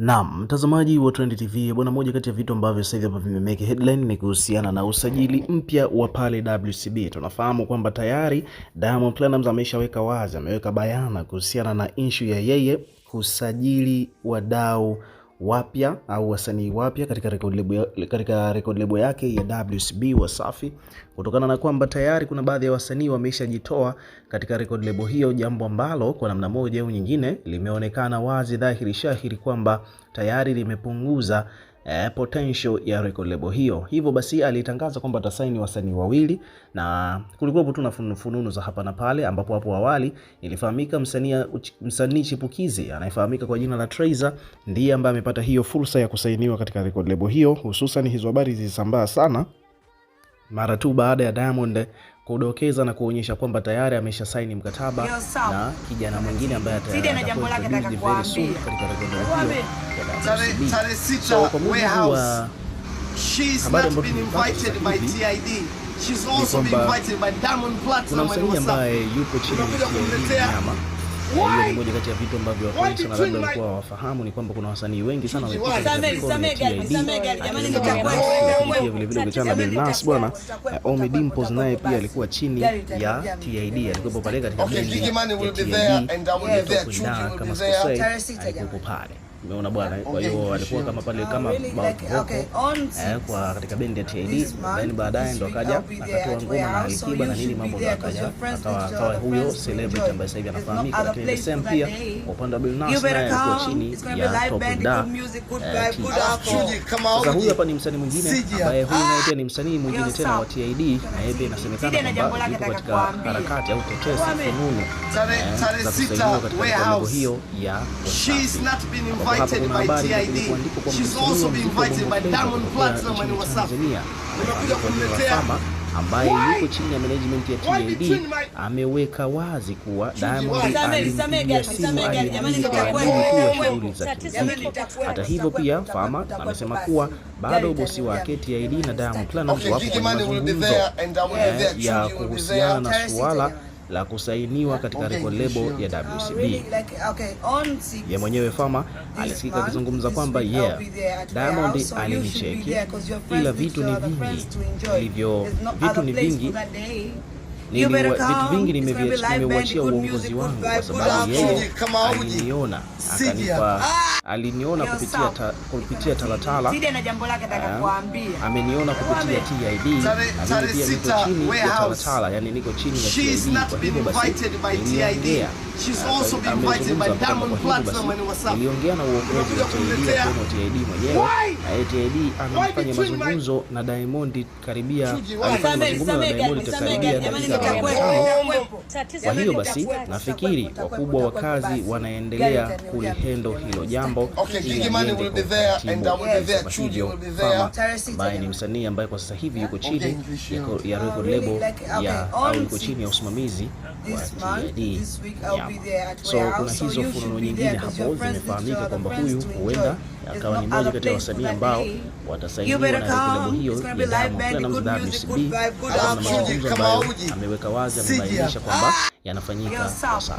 Naam, mtazamaji wa Trend TV bwana, moja kati ya vitu ambavyo sasa hivi hapa vimemeke headline ni kuhusiana na usajili mpya wa pale WCB. Tunafahamu kwamba tayari Diamond Platnumz ameshaweka wazi, ameweka bayana kuhusiana na issue ya yeye kusajili wadau wapya au wasanii wapya katika record label, katika record label yake ya WCB Wasafi, kutokana na kwamba tayari kuna baadhi ya wasanii wameshajitoa katika record label hiyo, jambo ambalo kwa namna moja au nyingine limeonekana wazi dhahiri shahiri kwamba tayari limepunguza eh, potential ya record label hiyo. Hivyo basi alitangaza kwamba atasaini wasanii wawili, na kulikuwa tu na fununu za hapa na pale, ambapo hapo awali ilifahamika msanii msanii chipukizi anayefahamika kwa jina la Trayzor ndiye ambaye amepata hiyo fursa ya kusainiwa katika record label hiyo, hususan hizo habari zilisambaa sana mara tu baada ya Diamond kudokeza na kuonyesha kwamba tayari amesha saini mkataba na kijana mwingine ambaye ambaye hiyo ni moja kati ya vitu ambavyo watu sana labda walikuwa hawafahamu, ni kwamba kuna wasanii wengi sana pia vile vile ukiachana na Billnass bwana, eh, Ommy Dimpoz naye pia alikuwa chini ya TID, alikuwepo pale katika bendi kama sikosei, alikuwepo pale. Umeona bwana, kwa hiyo alikuwa kama pale kama mouth eh, kwa katika bendi ya TID, then baadaye ndo akaja akatoa ngoma na Alikiba na nini mambo, ndo akaja akawa akawa huyo celebrity ambaye sasa hivi anafahamika. Lakini the same pia kwa upande wa Bill Nass naye alikuwa chini ya Top Da. Eh, sasa huyu hapa ni msanii mwingine ambaye huyu naye ah, pia ni msanii mwingine tena wa TID, na yeye pia inasemekana kwamba yuko katika harakati au tetesi fununu eh, za kusaidiwa katika mipango hiyo ya hapa kuna habari lakini kuandikwa kwa msanii wa nchini Tanzania ambaye yuko chini ya management ya TID ameweka wazi kuwa Diamond alimpigia simu aliyeahidi kuwa shughuli za kimuziki. Hata hivyo, pia Fama amesema kuwa bado bosi wake TID na Diamond Platnumz wapo kwenye mazungumzo eh, ya kuhusiana na suala la kusainiwa katika record label ya WCB. Oh, Ye mwenyewe Fama alisikika akizungumza kwamba yeah, Diamond alinicheki, ila vitu ni vingi vitu ni vingi Vitu vingi nimeuachia uongozi wangu kwa sababu yeye aliniona akanipa, ah. aliniona kupitia kupitia Talatala, eh? ameniona kupitia TID na mimi pia niko chini ya Talatala, yani niko chini ya TID. Kwa hivyo basi niliongea ah, amezungumza kwa hivyo basi niliongea na uongozi wa TID TID mwenyewe, na TID amefanya mazungumzo na Diamond karibia, amefanya mazungumzo na Diamond karibia kwa hiyo basi nafikiri wakubwa wa kazi wanaendelea kulihendo hilo jambo Bashijo ambaye ni msanii ambaye kwa sasa hivi yuko chini ya uh, record label ya au yuko chini ya usimamizi wa TD. So kuna hizo fununo nyingine hapo zimefahamika kwamba huyu huenda akawa ni mmoja kati ya wasanii ambao watasaidiwa na klabu hiyo ya Diamond Platnumz WCB. Hapa na mazungumzo ambayo ameweka wazi, amebainisha kwamba ah. yanafanyika kwa sasa.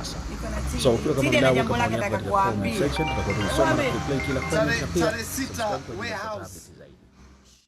So ukiwa kama mdau, kwa maoni yako katika comment section, tutakuwa tunasoma na kuplay kila comment na pia